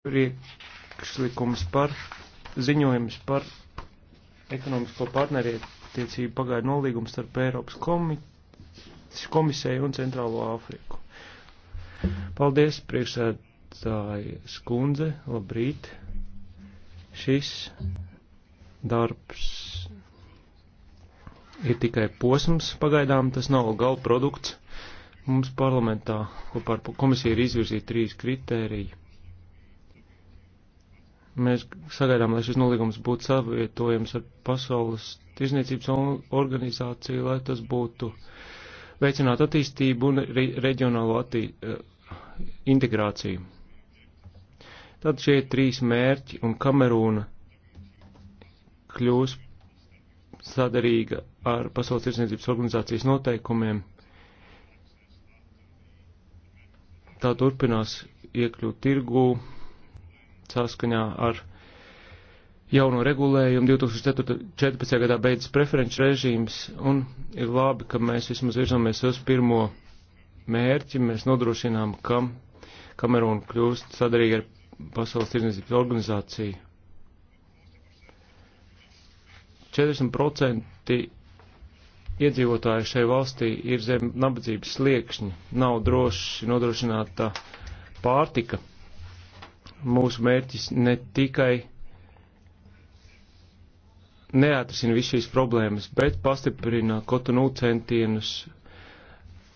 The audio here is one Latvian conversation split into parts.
priekšlikums par ziņojums par ekonomisko partnerietiecību pagaidu nolīgumu starp Eiropas komi komisēju un Centrālo Āfriku. Paldies, priekšsēdāja skundze, labrīt. Šis darbs ir tikai posms pagaidām, tas nav galprodukts. Mums parlamentā kopā ar komisiju ir izvirzīti trīs kritēriji Mēs sagaidām, lai šis nolīgums būtu savietojams ar pasaules tirzniecības organizāciju, lai tas būtu veicināt attīstību un re reģionālo attī eh, integrāciju. Tad šie trīs mērķi un Kamerūna kļūs sadarīga ar Pasaules tirsniecības organizācijas noteikumiem. Tā turpinās iekļūt tirgū, saskaņā ar jauno regulējumu 2014. gadā beidzas preferenču režīms, un ir labi, ka mēs vismaz virzamies uz pirmo mērķi, mēs nodrošinām, ka Kamerūna kļūst sadarīga ar Pasaules tirdzniecības organizāciju. 40% iedzīvotāji šai valstī ir zem nabadzības sliekšņa, nav droši nodrošināta pārtika mūsu mērķis ne tikai neatrisina visu šīs problēmas, bet pastiprina kotonu centienus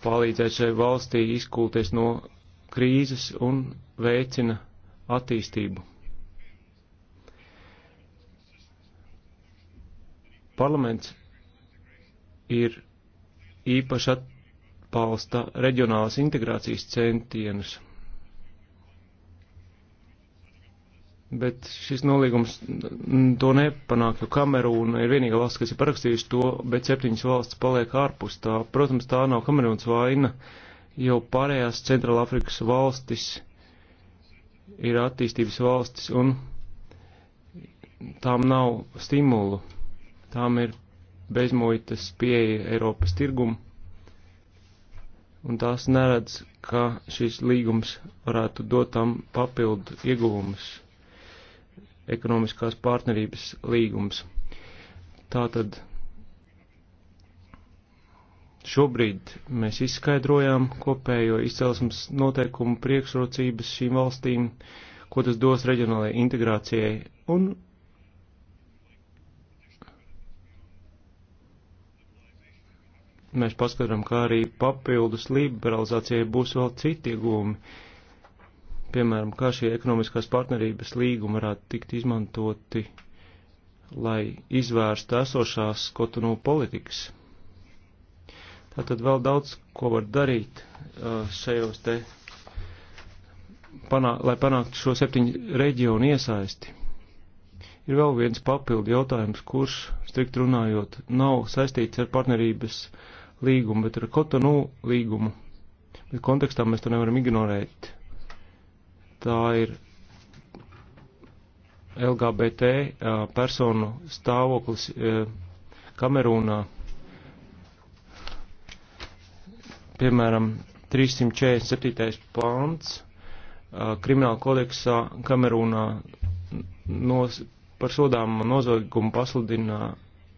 palīdzēt šai valstī izkulties no krīzes un veicina attīstību. Parlaments ir īpaši atbalsta reģionālās integrācijas centienus. Bet šis nolīgums to nepanāk, jo Kamerūna ir vienīgā valsts, kas ir parakstījusi to, bet septiņas valsts paliek ārpus tā. Protams, tā nav Kamerūnas vaina, jo pārējās Centrāla Afrikas valstis ir attīstības valstis un tām nav stimulu. Tām ir bezmuitas pieeja Eiropas tirgumu un tās neredz, ka šis līgums varētu dot tam papildu ieguvumus ekonomiskās partnerības līgums. Tātad šobrīd mēs izskaidrojām kopējo izcelsmes noteikumu priekšrocības šīm valstīm, ko tas dos reģionālajai integrācijai un mēs paskatām, kā arī papildus liberalizācijai būs vēl citi iegūmi Piemēram, kā šie ekonomiskās partnerības līgumi varētu tikt izmantoti, lai izvērstu esošās kotonu politikas. Tātad vēl daudz, ko var darīt uh, šajos te, panā, lai panāktu šo septiņu reģionu iesaisti. Ir vēl viens papildu jautājums, kurš, strikt runājot, nav saistīts ar partnerības līgumu, bet ar kotonu līgumu. Bet kontekstā mēs to nevaram ignorēt tā ir LGBT personu stāvoklis Kamerūnā. Piemēram, 347. pāns Krimināla kodeksā Kamerūnā nos, par sodāmu noziegumu pasludina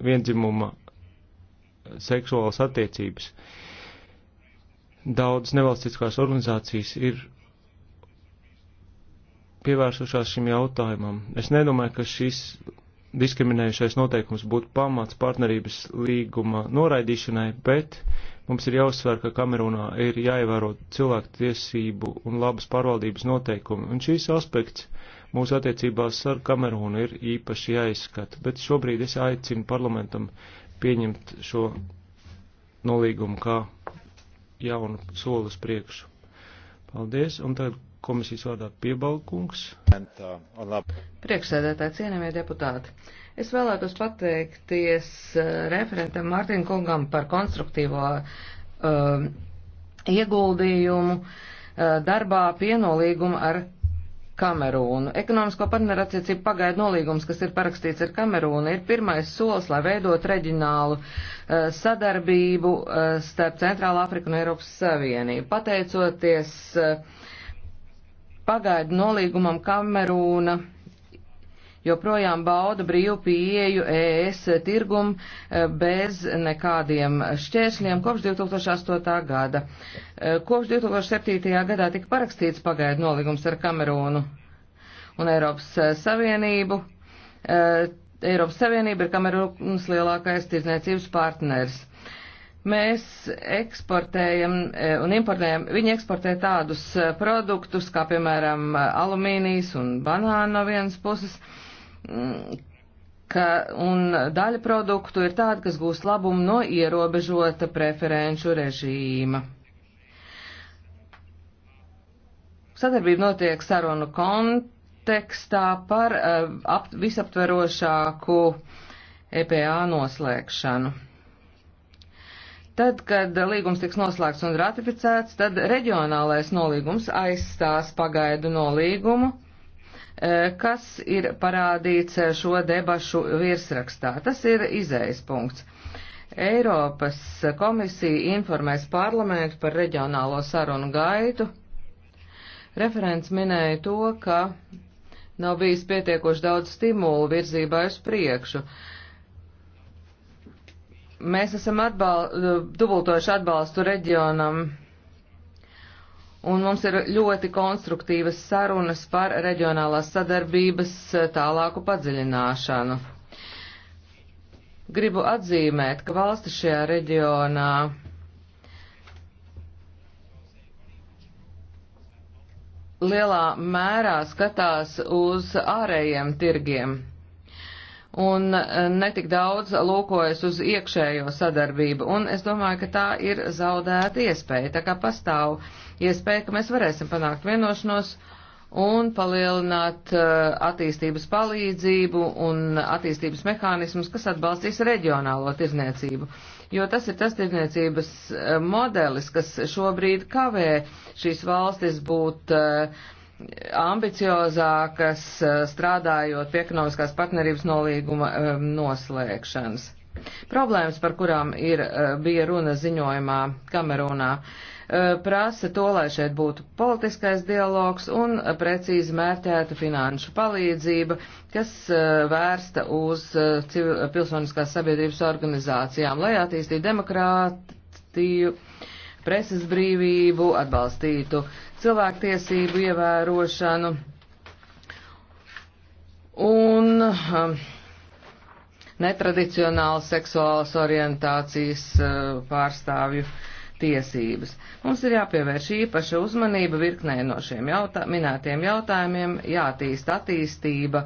viendzimuma seksuālas attiecības. Daudz nevalstiskās organizācijas ir pievērsušās šim jautājumam. Es nedomāju, ka šis diskriminējušais noteikums būtu pamats partnerības līguma noraidīšanai, bet mums ir jāuzsver, ka Kamerunā ir jāievēro cilvēku tiesību un labas pārvaldības noteikumi, un šīs aspekts mūsu attiecībās ar Kamerūnu ir īpaši jāizskata, bet šobrīd es aicinu parlamentam pieņemt šo nolīgumu kā jaunu solis priekšu. Paldies, un tagad komisijas vārdā piebalkungs. Priekšsēdētāji, cienījamie deputāti, es vēlētos pateikties eh, referentam Mārtiņu kungam par konstruktīvo uh, ieguldījumu uh, darbā pienolīgumu ar Kamerūnu. Ekonomisko partnerattiecību pagaidu nolīgums, kas ir parakstīts ar Kamerūnu, ir pirmais solis, lai veidot reģionālu uh, sadarbību uh, starp Centrālā Afriku un Eiropas Savienību. Pateicoties uh, pagaidu nolīgumam Kamerūna joprojām bauda brīvu pieeju ES tirgum eh, bez nekādiem šķēršļiem kopš 2008. gada. Eh, kopš 2007. gadā tika parakstīts pagaidu nolīgums ar Kamerūnu un Eiropas eh, Savienību. Eiropas Savienība ir Kamerūnas lielākais tirdzniecības partners mēs eksportējam un importējam, viņi eksportē tādus produktus kā, piemēram, alumīnijas un banāna no vienas puses, uh, ka, un daļa produktu ir tāda, kas gūst labumu no ierobežota preferenču režīma. Sadarbība notiek sarunu kontekstā par uh, ap, visaptverošāku EPA noslēgšanu. Tad, kad līgums tiks noslēgts un ratificēts, tad reģionālais nolīgums aizstās pagaidu nolīgumu Eh, kas ir parādīts eh, šo debašu virsrakstā. Tas ir izējas punkts. Eiropas komisija informēs parlamentu par reģionālo sarunu gaitu. Referents minēja to, ka nav bijis pietiekoši daudz stimulu virzībā uz priekšu. Mēs esam atbal dubultojuši atbalstu reģionam un mums ir ļoti konstruktīvas sarunas par reģionālās sadarbības eh, tālāku padziļināšanu. Gribu atzīmēt, ka valsti šajā reģionā lielā mērā skatās uz ārējiem tirgiem un e, netik daudz lūkojas uz iekšējo sadarbību, un es domāju, ka tā ir zaudēta iespēja, tā kā pastāv iespēja, ka mēs varēsim panākt vienošanos un palielināt e, attīstības palīdzību un attīstības mehānismus, kas atbalstīs reģionālo tirzniecību. Jo tas ir tas tirzniecības e, modelis, kas šobrīd kavē šīs valstis būt uh, ambiciozākas eh, strādājot pie ekonomiskās partnerības nolīguma eh, noslēgšanas. Problēmas, par kurām ir, eh, bija runa ziņojumā Kamerunā, prasa to, lai šeit būtu politiskais dialogs un precīzi mērķēta finanšu palīdzība, kas vērsta uz pilsoniskās sabiedrības organizācijām, lai attīstītu demokrātiju preses brīvību, atbalstītu cilvēktiesību ievērošanu. Un um, netradicionāls seksuālas orientācijas uh, pārstāvju tiesības. Mums ir jāpievērš īpaša uzmanība virknē no šiem jautā minētiem jautājumiem, jātīst attīstība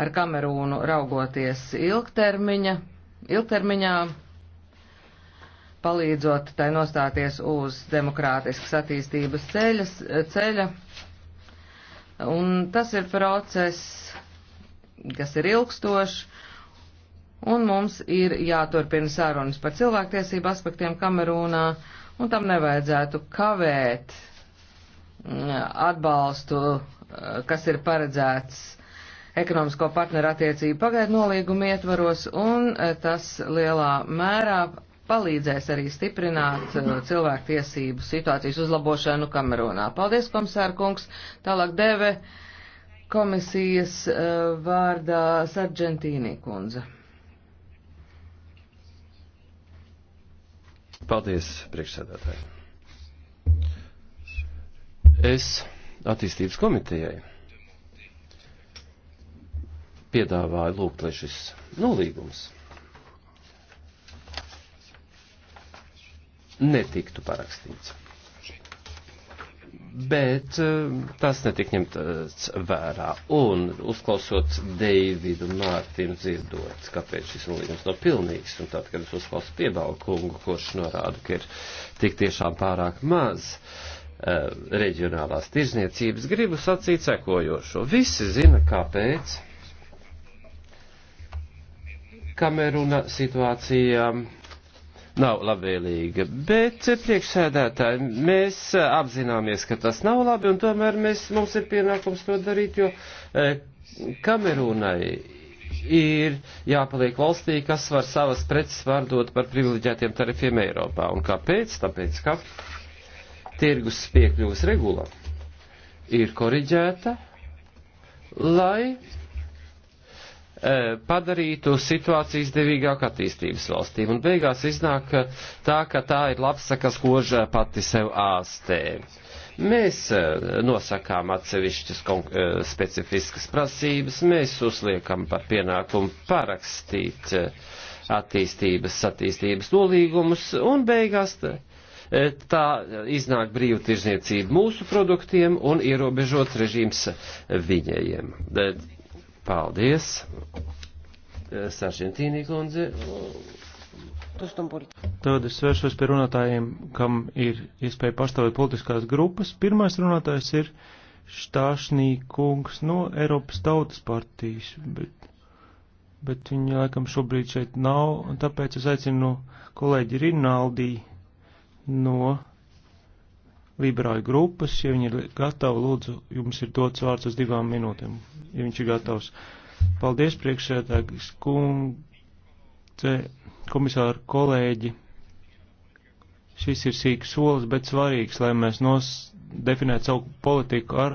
ar Kamerūnu raugoties ilgtermiņa, ilgtermiņā palīdzot tai nostāties uz demokrātiskas attīstības ceļas, ceļa. Un tas ir process, kas ir ilgstošs, un mums ir jāturpina sarunas par cilvēktiesību aspektiem Kamerūnā, un tam nevajadzētu kavēt mm, atbalstu, eh, kas ir paredzēts ekonomisko partneru attiecību pagaidu nolīgumu ietvaros, un eh, tas lielā mērā palīdzēs arī stiprināt uh, cilvēktiesību situācijas uzlabošanu Kamerunā. Paldies, komisāra kungs. Tālāk deve komisijas uh, vārdā Sargentīnī kundze. Paldies, priekšsēdētāji. Es attīstības komitejai piedāvāju lūgt, lai šis nolīgums. netiktu parakstīts. Bet eh, tas netika ņemts vērā. Un uzklausot Deividu Mārtinu dzirdot, kāpēc šis nolīgums nav pilnīgs, un tad, kad es uzklausu piebalkungu, kurš norāda, ka ir tik tiešām pārāk maz, uh, reģionālās tirzniecības, gribu sacīt sekojošo. Visi zina, kāpēc Kameruna situācija nav labvēlīga. Bet, priekšsēdētāji, mēs apzināmies, ka tas nav labi, un tomēr mēs, mums ir pienākums to darīt, jo eh, Kamerūnai ir jāpaliek valstī, kas var savas preces pārdot par privileģētiem tarifiem Eiropā. Un kāpēc? Tāpēc, ka tirgus piekļuvas regula ir koriģēta, lai E, padarītu situāciju izdevīgāk attīstības valstīm. Un beigās iznāk tā, ka tā ir lapsakas koža pati sev āstē. Mēs e, nosakām atsevišķas e, specifiskas prasības, mēs uzliekam par pienākumu parakstīt attīstības, attīstības nolīgumus un beigās tā iznāk brīva tirzniecība mūsu produktiem un ierobežots režīms viņiem. Paldies, Saršantīnī kundze. Tad es vēršos pie runātājiem, kam ir iespēja pastāvēt politiskās grupas. Pirmais runātājs ir Štāšnī kungs no Eiropas tautas partijas, bet, bet viņa laikam šobrīd šeit nav, un tāpēc es aicinu kolēģi Rinaldī no liberāļu grupas. Ja viņi ir gatavi, lūdzu, jums ir dots vārds uz divām minūtēm, ja viņš ir gatavs. Paldies, priekšsēdētājs kundze, komisāri, kolēģi. Šis ir sīks solis, bet svarīgs, lai mēs definētu savu politiku ar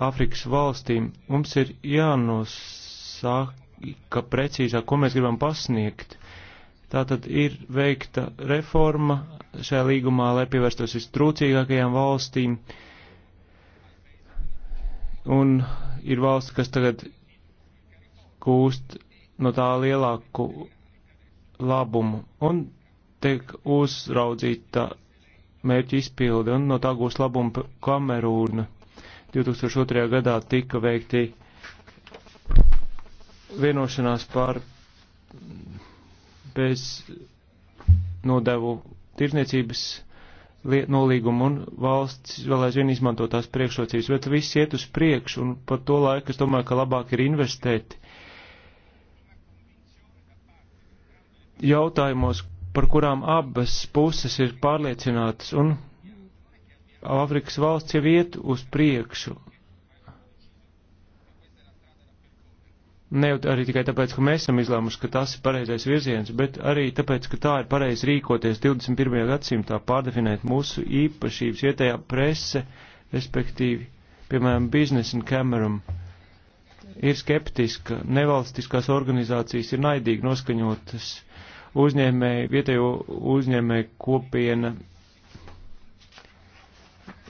Āfrikas valstīm. Mums ir jānosaka precīzāk, ko mēs gribam pasniegt Tātad ir veikta reforma šajā līgumā, lai pievērstos vistrūcīgākajām valstīm. Un ir valsts, kas tagad gūst no tā lielāku labumu un tiek uzraudzīta mērķa izpilde un no tā gūst labumu Kamerūna. 2002. gadā tika veikti vienošanās par bez nodevu tirzniecības nolīgumu un valsts vēl aizvien izmanto tās priekšrocības, bet viss iet uz priekšu un par to laiku es domāju, ka labāk ir investēt jautājumos, par kurām abas puses ir pārliecinātas un Āfrikas valsts jau iet uz priekšu Ne arī tikai tāpēc, ka mēs esam izlēmuši, ka tas ir pareizais virziens, bet arī tāpēc, ka tā ir pareizi rīkoties 21. gadsimtā, pārdefinēt mūsu īpašības vietējā prese, respektīvi, piemēram, Business and Cameron ir skeptiska, nevalstiskās organizācijas ir naidīgi noskaņotas, uzņēmēji, vietējo uzņēmēju kopiena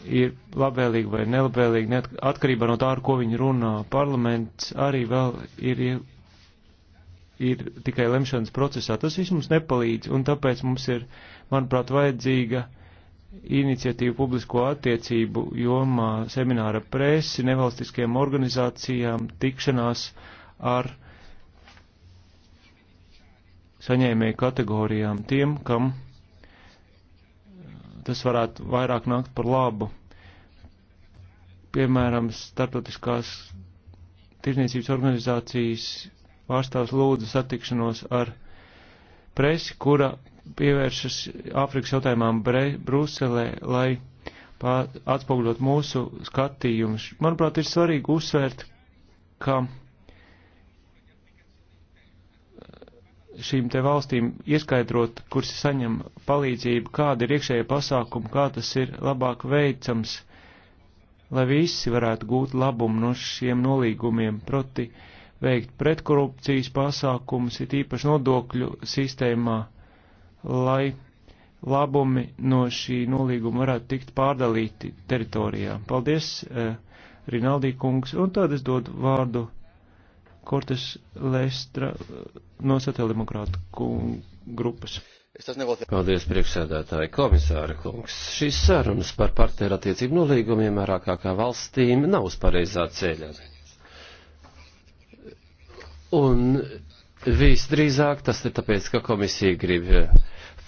ir labvēlīgi vai nelabvēlīgi, atkarībā no tā, ar ko viņi runā. Parlaments arī vēl ir, ir tikai lemšanas procesā. Tas viss mums nepalīdz, un tāpēc mums ir, manuprāt, vajadzīga iniciatīva publisko attiecību jomā, semināra presi, nevalstiskajām organizācijām, tikšanās ar saņēmēju kategorijām, tiem, kam tas varētu vairāk nākt par labu. Piemēram, starptautiskās tirzniecības organizācijas pārstāvs lūdza satikšanos ar presi, kura pievēršas Āfrikas jautājumām Bre Bruselē, lai atspoguļot mūsu skatījumus. Manuprāt, ir svarīgi uzsvērt, ka šīm te valstīm ieskaidrot, kuras saņem palīdzību, kāda ir iekšējie pasākumi, kā tas ir labāk veicams, lai visi varētu gūt labumu no šiem nolīgumiem, proti veikt pretkorupcijas pasākumus, it īpaši nodokļu sistēmā, lai labumi no šī nolīguma varētu tikt pārdalīti teritorijā. Paldies, eh, Rinaldī kungs, un tad es dodu vārdu Kortes Lestra. Eh, no sociāldemokrāta grupas. Paldies, priekšsēdētāji komisāra kungs. Šīs sarunas par partnerattiecību nolīgumiem ar ārākākā valstīm nav uz pareizā ceļa. Un visdrīzāk tas ir tāpēc, ka komisija grib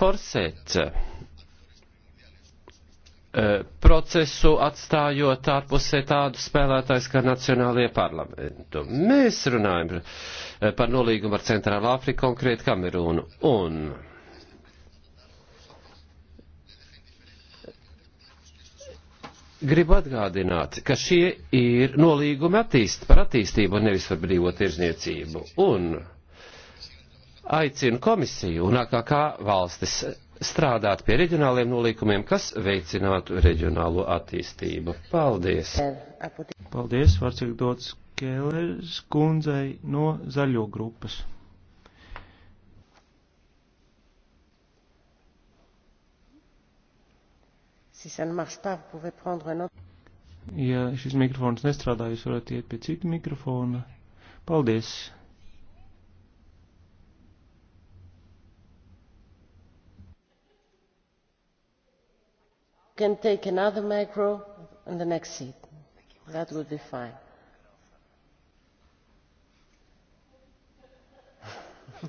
forsēt E, procesu atstājot ārpusē tādu spēlētājs kā Nacionālajie parlamentu. Mēs runājam e, par nolīgumu ar Centrālu Āfriku, konkrēti Kamerūnu. Un gribu atgādināt, ka šie ir nolīgumi attīst, par attīstību un nevis par brīvo tirzniecību. Un aicinu komisiju un AKK valstis strādāt pie reģionāliem nolīkumiem, kas veicinātu reģionālo attīstību. Paldies! Paldies, vārds ir dots Kēlers kundzei no zaļo grupas. Ja šis mikrofons nestrādā, jūs varat iet pie cita mikrofona. Paldies! can take another micro in the next seat. That would be fine.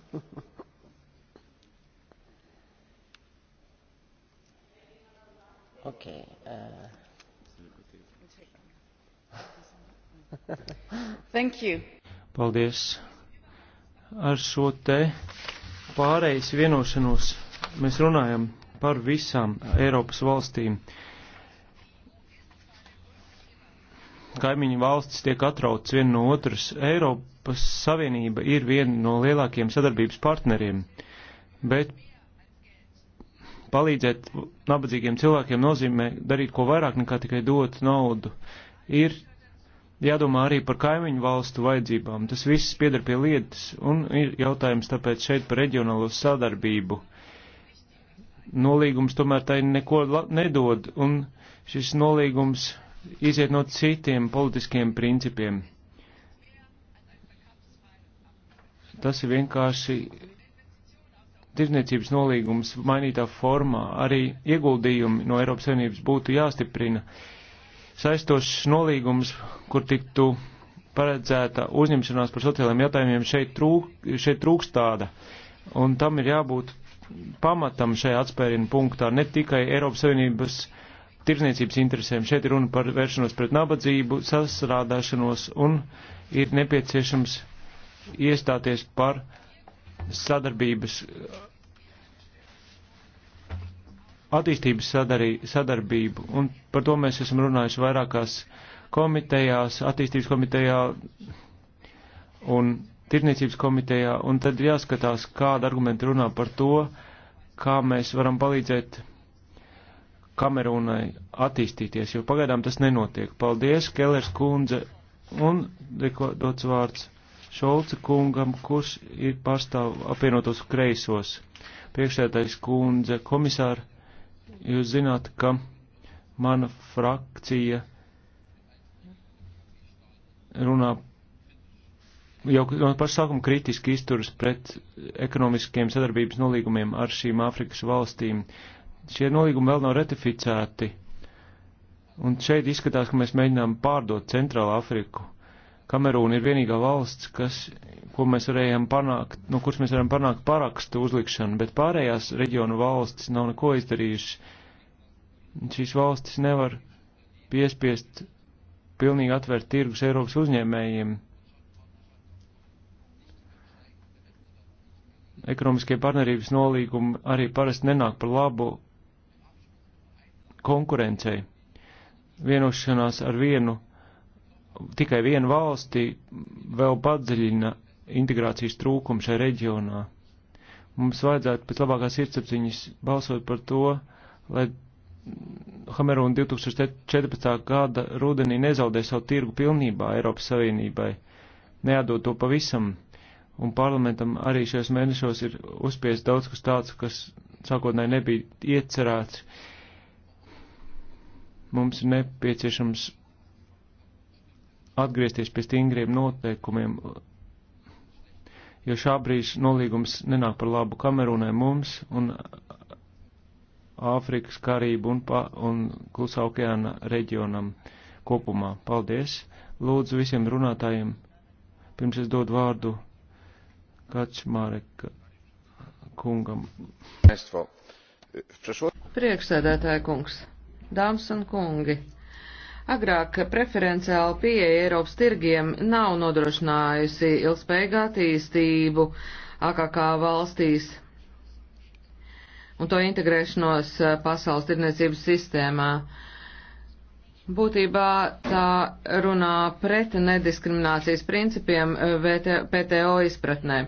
okay. Uh. Thank you. Paldies. Ar šo te pārejas vienošanos mēs runājam par visām Eiropas valstīm. Kaimiņu valstis tiek atrauts viena no otras. Eiropas Savienība ir viena no lielākiem sadarbības partneriem, bet palīdzēt nabadzīgiem cilvēkiem nozīmē darīt ko vairāk nekā tikai dot naudu. Ir jādomā arī par kaimiņu valstu vajadzībām. Tas viss piedar pie lietas un ir jautājums tāpēc šeit par reģionālo sadarbību nolīgums tomēr tai neko nedod, un šis nolīgums iziet no citiem politiskiem principiem. Tas ir vienkārši tirzniecības nolīgums mainītā formā. Arī ieguldījumi no Eiropas Savienības būtu jāstiprina. Saistošs nolīgums, kur tiktu paredzēta uzņemšanās par sociālajiem jautājumiem, šeit, trūk, šeit trūkst tāda. Un tam ir jābūt pamatam šajā atspērienu punktā ne tikai Eiropas Savienības tirdzniecības interesēm. Šeit ir runa par vēršanos pret nabadzību, sasrādāšanos un ir nepieciešams iestāties par sadarbības, attīstības sadarī, sadarbību. Un par to mēs esam runājuši vairākās komitejās, attīstības komitejā un tirniecības komitejā, un tad ir jāskatās, kāda argumenta runā par to, kā mēs varam palīdzēt Kamerūnai attīstīties, jo pagaidām tas nenotiek. Paldies, Kellers kundze, un dots vārds Šolca kungam, kurš ir pārstāv apvienotos kreisos. Priekšētais kundze, komisāri, jūs zināt, ka mana frakcija runā jau no paša sākuma kritiski izturas pret ekonomiskiem sadarbības nolīgumiem ar šīm Āfrikas valstīm. Šie nolīgumi vēl nav ratificēti, un šeit izskatās, ka mēs mēģinām pārdot Centrālu Afriku. Kamerūna ir vienīgā valsts, kas, ko mēs varējām panākt, no kuras mēs varam panākt parakstu uzlikšanu, bet pārējās reģionu valstis nav neko izdarījušas. Šīs valstis nevar piespiest pilnīgi atvērt tirgus Eiropas uzņēmējiem ekonomiskie partnerības nolīgumi arī parasti nenāk par labu konkurencei. Vienošanās ar vienu, tikai vienu valsti vēl padziļina integrācijas trūkumu šajā reģionā. Mums vajadzētu pēc labākās sirdsapziņas balsot par to, lai Hamerūna 2014. gada rudenī nezaudē savu tirgu pilnībā Eiropas Savienībai, neatdot to pavisam un parlamentam arī šajos mēnešos ir uzspies daudz kas tāds, kas sākotnēji nebija iecerēts. Mums ir nepieciešams atgriezties pie stingriem noteikumiem, jo šā brīža nolīgums nenāk par labu Kamerūnai mums un Āfrikas, Karību un, pa, un Klusā okeāna reģionam kopumā. Paldies! Lūdzu visiem runātājiem, pirms es dodu vārdu Kačmārek kungam. Priekšsēdētāja kungs, dāmas un kungi. Agrāk preferenciāla pieeja Eiropas tirgiem nav nodrošinājusi ilgspējīgu attīstību AKK valstīs un to integrēšanos pasaules tirniecības sistēmā. Būtībā tā runā pret nediskriminācijas principiem VT, PTO izpratnē.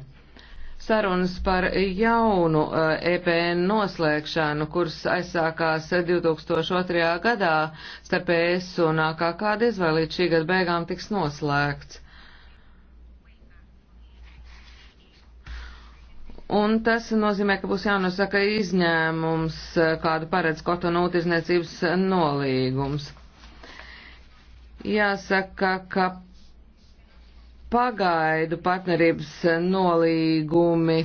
Sarunas par jaunu EPN eh, e noslēgšanu, kuras aizsākās 2002. gadā starp ES un AKK, diez vai līdz šī gada beigām tiks noslēgts. Un tas nozīmē, ka būs jānosaka izņēmums, eh, kādu paredz kotonu tirzniecības nolīgums. Jāsaka, ka pagaidu partnerības nolīgumi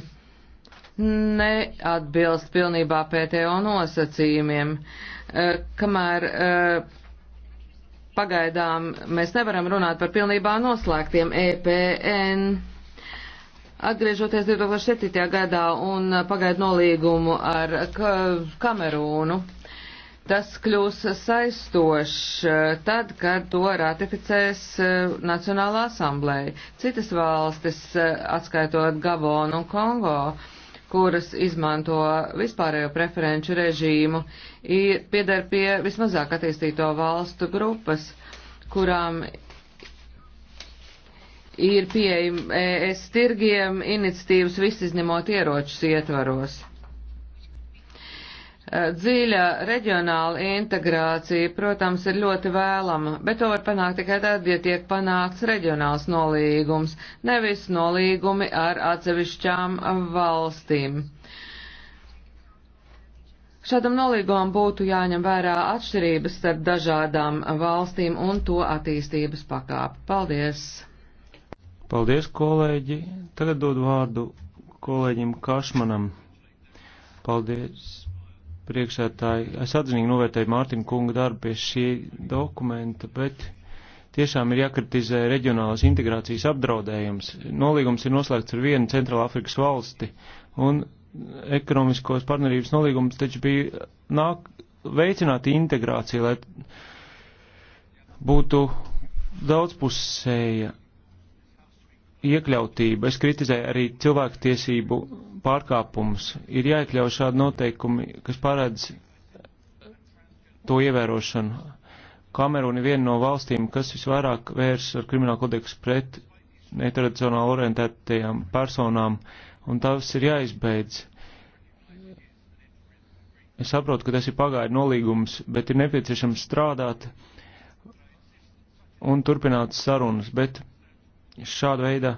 neatbilst pilnībā PTO nosacījumiem, e, kamēr e, pagaidām mēs nevaram runāt par pilnībā noslēgtiem EPN. Atgriežoties 2007. gadā un pagaidu nolīgumu ar Kamerūnu, Tas kļūs saistošs eh, tad, kad to ratificēs eh, Nacionālā asamblēja. Citas valstis, eh, atskaitot Gabonu un Kongo, kuras izmanto vispārējo preferenču režīmu, ir pieder pie vismazāk attīstīto valstu grupas, kurām ir pieejami ES tirgiem iniciatīvas visizņemot ieročus ietvaros. Eh, dziļa reģionāla integrācija, protams, ir ļoti vēlama, bet to var panākt tikai tad, ja tiek panākts reģionāls nolīgums, nevis nolīgumi ar atsevišķām valstīm. Šādam nolīgumam būtu jāņem vērā atšķirības starp dažādām valstīm un to attīstības pakāpi. Paldies! Paldies, kolēģi! Tagad dod vārdu kolēģim Kašmanam. Paldies! priekšētāji. Es atzinīgi novērtēju Mārtiņu kunga darbu pie šī dokumenta, bet tiešām ir jākritizē reģionālās integrācijas apdraudējums. Nolīgums ir noslēgts ar vienu Centrāla Afrikas valsti, un ekonomiskos partnerības nolīgums taču bija nāk veicināt integrāciju, lai būtu daudzpusēja iekļautība. Es kritizēju arī cilvēku tiesību pārkāpumus. Ir jāiekļauj šādi noteikumi, kas paredz to ievērošanu. Kamerūna ir viena no valstīm, kas visvairāk vērs ar kriminālu kodeksu pret netradicionāli orientētajām personām, un tas ir jāizbeidz. Es saprotu, ka tas ir pagaidu nolīgums, bet ir nepieciešams strādāt un turpināt sarunas, bet šāda veida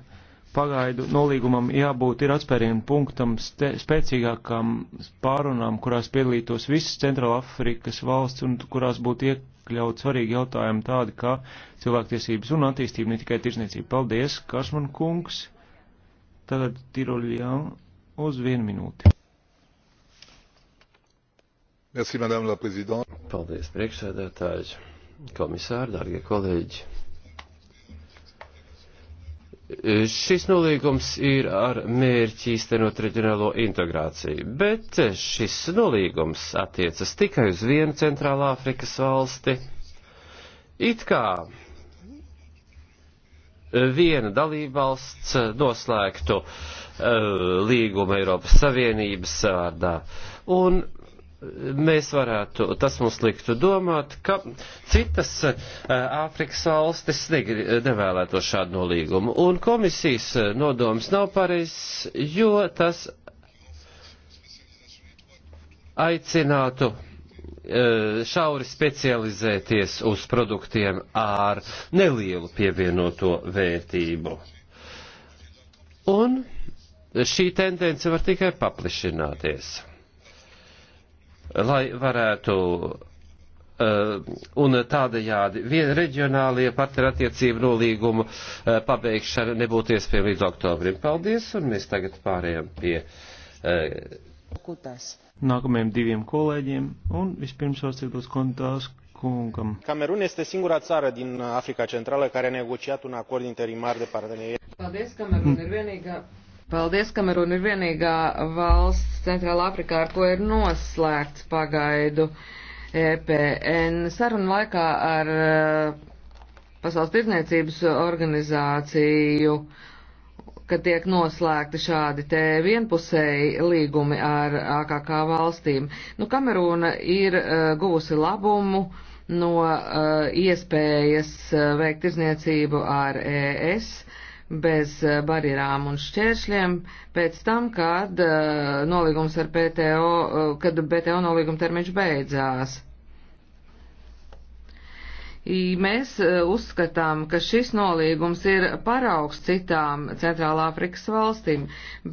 pagaidu nolīgumam jābūt ir atspērienu punktam ste, spēcīgākām pārunām, kurās piedalītos visas Centrāla Afrikas valsts un kurās būtu iekļaut svarīgi jautājumi tādi kā cilvēktiesības un attīstība, ne tikai tirsniecība. Paldies, Karsman kungs. Tagad Tiroļjām uz vienu minūti. Merci, madame la présidente. Paldies, priekšsēdētājs, komisāri, dārgie kolēģi. Šis nolīgums ir ar mērķi īstenot reģionālo integrāciju, bet šis nolīgums attiecas tikai uz vienu Centrālā Afrikas valsti. It kā viena dalībvalsts noslēgtu uh, līgumu Eiropas Savienības vārdā. Un mēs varētu, tas mums liktu domāt, ka citas eh, Āfrikas valstis nevēlēto šādu nolīgumu. Un komisijas eh, nodoms nav pareizs, jo tas aicinātu eh, šauri specializēties uz produktiem ar nelielu pievienoto vērtību. Un šī tendence var tikai paplišināties lai varētu uh, un tādējādi reģionālie partnerattiecību nolīgumu uh, pabeigšana nebūtu iespējama līdz oktobrim. Paldies, un mēs tagad pārējām pie uh, Kutas. nākamajiem diviem kolēģiem, un vispirms vārds kontās kungam. Kamerun este singura țară din Africa Centrală care a negociat un acord interimar de parteneriat. Paldies, Kamerun ir vienīgā Paldies, Kamerun ir vienīgā valsts Centrālā Afrikā, ar ko ir noslēgts pagaidu EPN. Sarunu laikā ar eh, Pasaules tirdzniecības organizāciju, ka tiek noslēgti šādi te vienpusēji līgumi ar AKK valstīm. Nu, Kamerūna ir uh, guvusi labumu no uh, iespējas uh, veikt tirdzniecību ar ES. Uh, bez eh, barjerām un šķēršļiem, pēc tam, kad eh, nolīgums ar PTO, eh, kad PTO nolīguma termiņš beidzās. Mēs uzskatām, ka šis nolīgums ir paraugs citām Centrālā Afrikas valstīm,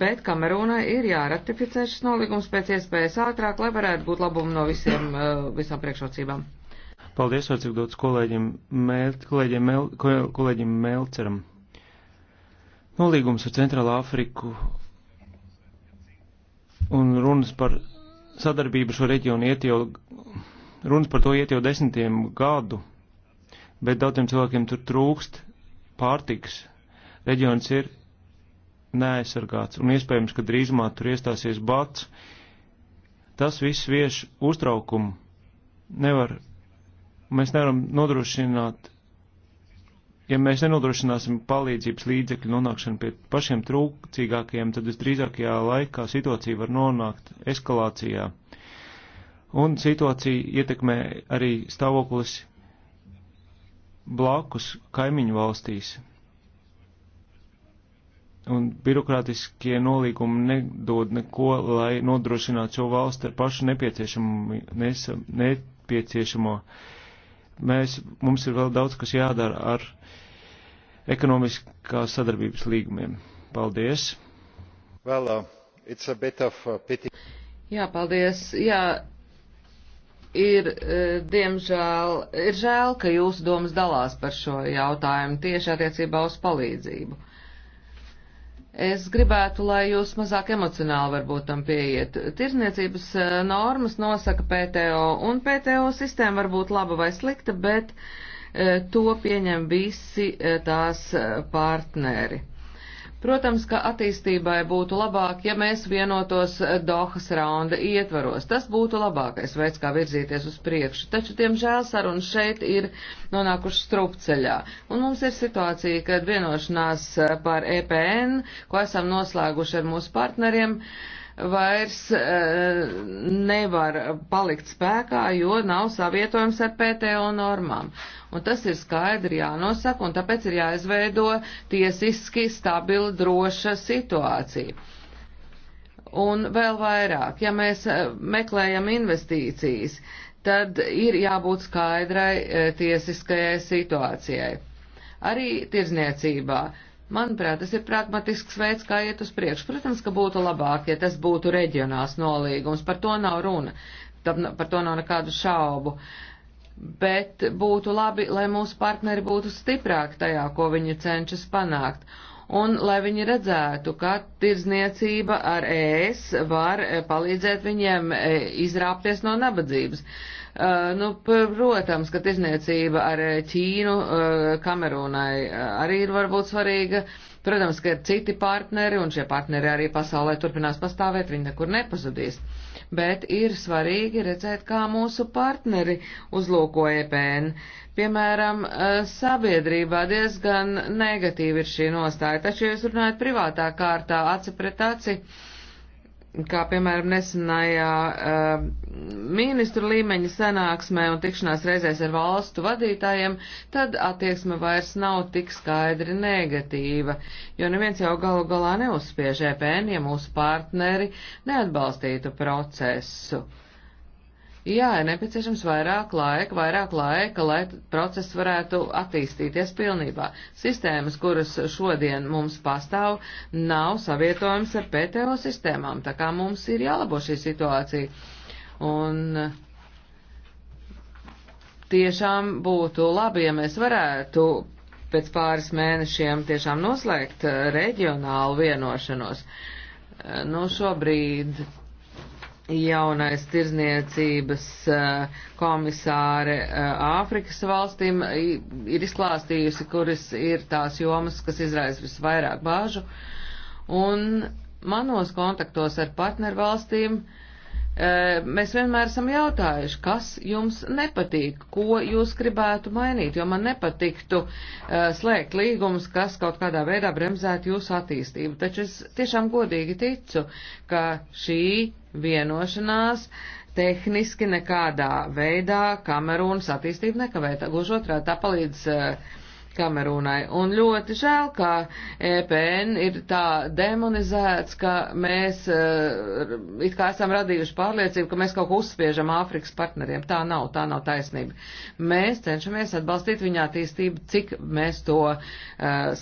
bet Kamerūnai ir jāratificē šis nolīgums pēc iespējas ātrāk, lai varētu būt labumu no visiem, visām priekšrocībām. Paldies, atcik dots kolēģim, mēl, kolēģim, mēl, kolēģim Melceram. Nolīgums ar Centrālā Afriku un runas par sadarbību šo reģionu iet jau, runas par to iet jau desmitiem gadu, bet daudziem cilvēkiem tur trūkst pārtiks. Reģions ir neaizsargāts un iespējams, ka drīzumā tur iestāsies bats. Tas viss vieš uztraukumu. Nevar, mēs nevaram nodrošināt ja mēs nenodrošināsim palīdzības līdzekļu nonākšanu pie pašiem trūcīgākajiem, tad visdrīzākajā laikā situācija var nonākt eskalācijā. Un situācija ietekmē arī stāvoklis blakus kaimiņu valstīs. Un birokrātiskie nolīgumi nedod neko, lai nodrošinātu šo valstu ar pašu nepieciešamo. Nes, nepieciešamo mēs, mums ir vēl daudz, kas jādara ar ekonomiskās sadarbības līgumiem. Paldies! Well, uh, it's a bit of a pity. Jā, paldies. Jā, ir, e, diemžēl, ir žēl, ka jūsu domas dalās par šo jautājumu tieši attiecībā uz palīdzību. Es gribētu, lai jūs mazāk emocionāli varbūt tam pieiet. Tirzniecības eh, normas nosaka PTO, un PTO sistēma var būt laba vai slikta, bet eh, to pieņem visi eh, tās partneri. Protams, ka attīstībai būtu labāk, ja mēs vienotos Dohas raunda ietvaros. Tas būtu labākais veids, kā virzīties uz priekšu. Taču, diemžēl, sarunas šeit ir nonākušas strupceļā. Un mums ir situācija, kad vienošanās par EPN, ko esam noslēguši ar mūsu partneriem, uh, vairs e, nevar palikt spēkā, jo nav savietojums ar PTO normām. Un tas ir skaidri jānosaka, un tāpēc ir jāizveido tiesiski stabila, droša situācija. Un vēl vairāk, ja mēs e, meklējam investīcijas, tad ir jābūt skaidrai e, tiesiskajai situācijai. Arī tirzniecībā Manuprāt, tas ir pragmatisks veids, kā iet uz priekšu. Protams, ka būtu labāk, ja tas būtu reģionāls nolīgums, par to nav runa, par to nav nekādu šaubu. Bet būtu labi, lai mūsu partneri būtu stiprāki tajā, ko viņi cenšas panākt un lai viņi redzētu, ka tirzniecība ar ES var palīdzēt viņiem e, izrāpties no nabadzības. Uh, nu, protams, ka tirzniecība ar eh, Ķīnu, uh, Kamerūnai arī ir varbūt svarīga. Protams, ka ir citi partneri, un šie partneri arī pasaulē turpinās pastāvēt, viņi nekur nepazudīs. Bet ir svarīgi redzēt, kā mūsu partneri uzlūko EPN. Piemēram, sabiedrībā diezgan negatīvi ir šī nostāja, taču, ja jūs runājat privātā kārtā, aci pret aci, uh, kā piemēram nesenajā uh, ministru līmeņa sanāksmē un tikšanās reizēs ar valstu vadītājiem, tad attieksme vairs nav tik skaidri negatīva, jo neviens jau galu galā neuzspiež EPN, ja mūsu partneri neatbalstītu procesu. Uh, Jā, ir nepieciešams vairāk laika, vairāk laika, lai process varētu attīstīties pilnībā. Sistēmas, kuras šodien mums pastāv, nav savietojams ar PTO sistēmām, tā kā mums ir jālabo šī situācija. Un tiešām būtu labi, ja mēs varētu pēc pāris mēnešiem tiešām noslēgt eh, reģionālu vienošanos. Eh, nu, šobrīd jaunais tirzniecības eh, komisāre eh, Āfrikas valstīm ir izklāstījusi, kuras ir tās jomas, kas izraisa visvairāk bāžu. Un manos kontaktos ar partnervalstīm eh, mēs vienmēr esam jautājuši, kas jums nepatīk, ko jūs gribētu mainīt, jo man nepatiktu slēgt līgumus, kas kaut kādā veidā bremzētu jūsu attīstību. Taču es tiešām godīgi ticu, ka šī vienošanās tehniski nekādā veidā Kamerūnas attīstību nekavē. Gluži otrā, tā palīdz uh, Kamerūnai. Un ļoti žēl, ka EPN ir tā demonizēts, ka mēs eh, it kā esam radījuši pārliecību, ka mēs kaut ko uzspiežam Āfrikas partneriem. Tā nav, tā nav taisnība. Mēs cenšamies atbalstīt viņa attīstību, cik mēs to uh,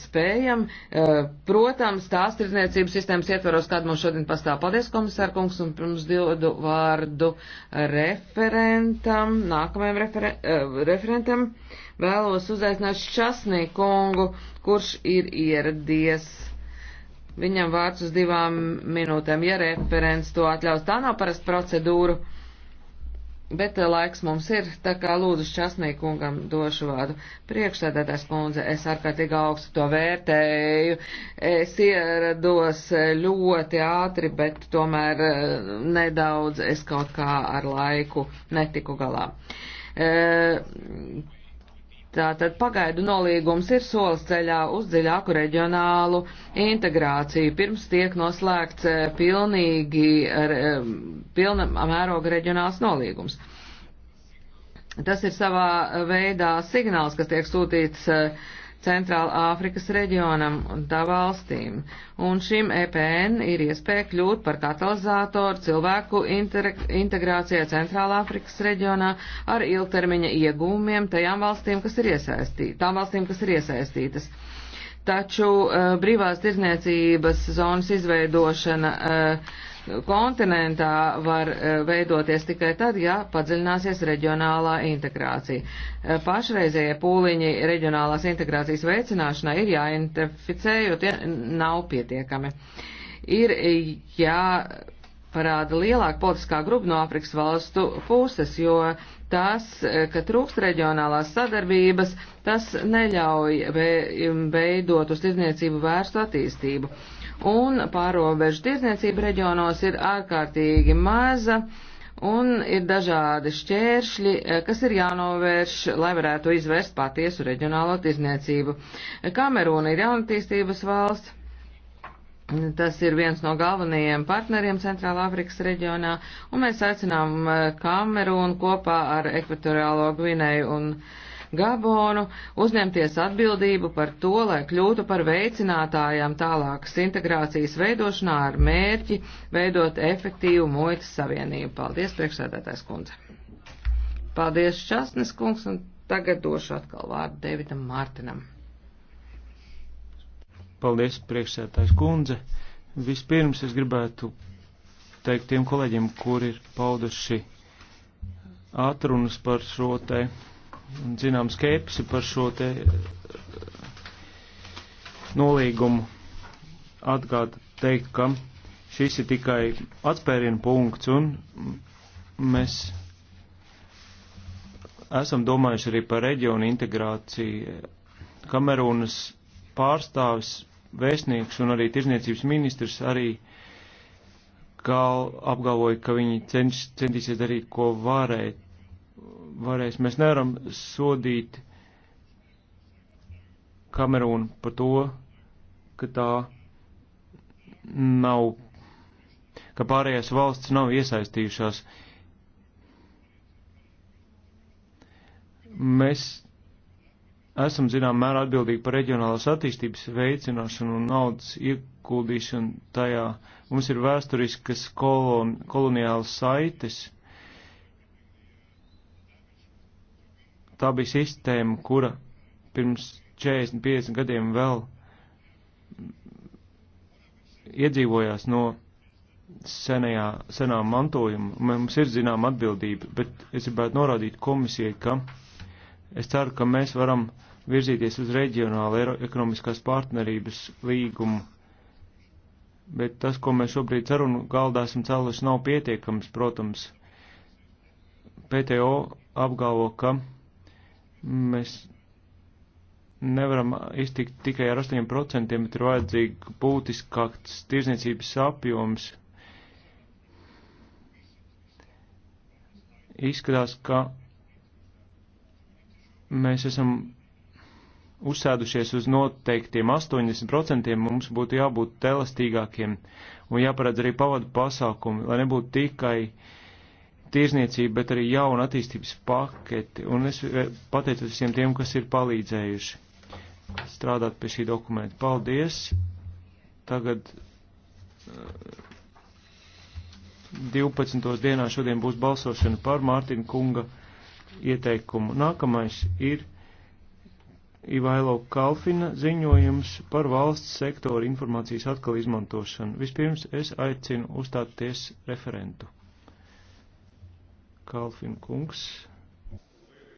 spējam. Uh, protams, tās tirdzniecības sistēmas ietvaros, kāda mums šodien pastāv. Paldies, komisārkungs, un pirms dodu vārdu referentam, nākamajam referen referentam vēlos uzaicināt Šasnī kungu, kurš ir ieradies. Viņam vārds uz divām minūtēm, ja referents to atļaus. Tā nav parasta procedūra, bet eh, laiks mums ir, tā kā lūdzu Šasnī kungam došu vārdu. Priekšsēdētājs kundze, es ārkārtīgi augstu to vērtēju. Es ierados eh, ļoti ātri, bet tomēr eh, nedaudz es kaut kā ar laiku netiku galā. Uh, Tātad pagaidu nolīgums ir solis ceļā uz dziļāku reģionālu integrāciju, pirms tiek noslēgts eh, pilnīgi, eh, pilna mēroga reģionāls nolīgums. Tas ir savā eh, veidā signāls, kas tiek sūtīts uh, Centrāla Āfrikas reģionam un tā valstīm, un šim EPN ir iespēja kļūt par katalizātoru cilvēku integrācijā Centrāla Āfrikas reģionā ar ilgtermiņa iegūmiem tajām valstīm, kas ir iesaistītas. Valstīm, kas ir iesaistītas. Taču uh, brīvās tirzniecības zonas izveidošana uh, kontinentā var e, veidoties tikai tad, ja padziļināsies reģionālā integrācija. E, pašreizējie pūliņi reģionālās integrācijas veicināšanai ir jāidentificē, jo tie nav pietiekami. Ir jā parāda lielāka politiskā grupa no Afrikas valstu puses, jo tas, e, ka trūkst reģionālās sadarbības, tas neļauj veidot uz tirdzniecību vērstu attīstību. Uh, un pārobežu tirdzniecība reģionos ir ārkārtīgi maza un ir dažādi šķēršļi, eh, kas ir jānovērš, lai varētu izvērst patiesu reģionālo tirdzniecību. Kamerūna ir jaunatīstības valsts. Tas ir viens no galvenajiem partneriem Centrāla Afrikas reģionā, un mēs aicinām eh, Kamerūnu kopā ar Ekvatoriālo Gvineju un uh, Gabonu uzņemties atbildību par to, lai kļūtu par veicinātājām tālākas integrācijas veidošanā ar mērķi veidot efektīvu muitas savienību. Paldies, priekšsēdētājs kundze. Paldies, Časnes kungs, un tagad došu atkal vārdu Davidam Mārtinam. Paldies, priekšsēdētājs kundze. Vispirms es gribētu teikt tiem kolēģiem, kuri ir pauduši atrunas par šo te un zinām skepsi par šo te eh, nolīgumu atgāda teikt, ka šis ir tikai atspērienu punkts un mēs esam domājuši arī par reģionu integrāciju. Kamerūnas pārstāvis, vēstnieks un arī tirzniecības ministrs arī gal, apgalvoja, ka viņi cenš, centīsies darīt, ko varēja varēs. Mēs nevaram sodīt Kamerūnu par to, ka tā nav, ka pārējās valsts nav iesaistījušās. Mēs esam zinām mērā atbildīgi par reģionālās attīstības veicināšanu un naudas ieguldīšanu tajā. Mums ir vēsturiskas kolon, koloniālas saites tā bija sistēma, kura pirms 40-50 gadiem vēl iedzīvojās no senajā, senā mantojuma. Mums ir zinām atbildība, bet es gribētu norādīt komisijai, ka es ceru, ka mēs varam virzīties uz reģionālu ekonomiskās partnerības līgumu. Bet tas, ko mēs šobrīd sarunu galdā esam cēluši, nav pietiekams, protams. PTO apgalvo, ka Mēs nevaram iztikt tikai ar 8%, bet ir vajadzīga būtiskāks tirzniecības apjoms. Izskatās, ka mēs esam uzsēdušies uz noteiktiem 80%, mums būtu jābūt elastīgākiem un jāparedz arī pavadu pasākumi, lai nebūtu tikai uh, tirzniecību, bet arī jaunu attīstības paketi, un es eh, pateicu visiem tiem, kas ir palīdzējuši strādāt pie šī dokumenta. Paldies! Tagad 12. Eh, dienā šodien būs balsošana par Mārtiņa kunga ieteikumu. Nākamais ir Ivailo Kalfina ziņojums par valsts sektora informācijas atkal izmantošanu. Vispirms es aicinu uzstāties referentu. Kalfin kungs.